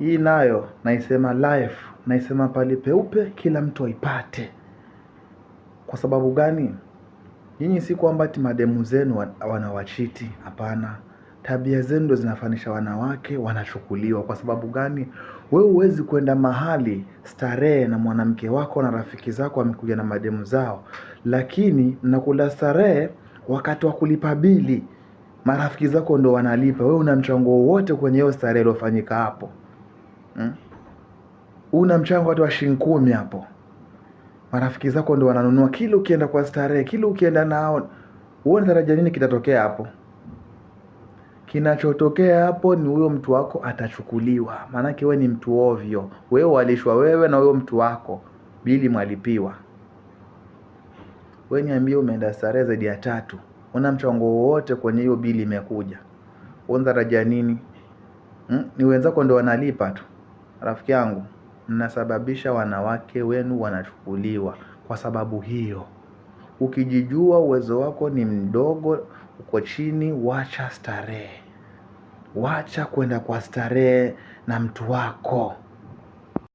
Hii nayo naisema life, naisema pali peupe, kila mtu aipate. Kwa sababu gani? Nyinyi si kwamba ti mademu zenu wanawachiti, hapana. Tabia zenu ndo zinafanisha wanawake wanachukuliwa. Kwa sababu gani? Wewe huwezi kwenda mahali starehe na mwanamke wako na rafiki zako wamekuja na mademu zao, lakini nakula starehe wakati wa kulipa bili marafiki zako ndo wanalipa, wewe una mchango wowote kwenye hiyo starehe iliyofanyika hapo? mm? una mchango hata wa shilingi kumi hapo, marafiki zako ndio wananunua kila ukienda kwa starehe, kila ukienda nao, uone tarajia nini kitatokea hapo. Kinachotokea hapo ni huyo mtu wako atachukuliwa, maanake we ni mtu ovyo. Wewe walishwa wewe na huyo mtu wako, bili mwalipiwa. We niambie, umeenda starehe zaidi ya tatu, una mchango wowote kwenye hiyo bili imekuja, unatarajia nini? hmm? ni wenzako ndio wanalipa tu rafiki yangu, mnasababisha wanawake wenu wanachukuliwa. Kwa sababu hiyo, ukijijua uwezo wako ni mdogo, uko chini, wacha starehe, wacha kwenda kwa starehe na mtu wako.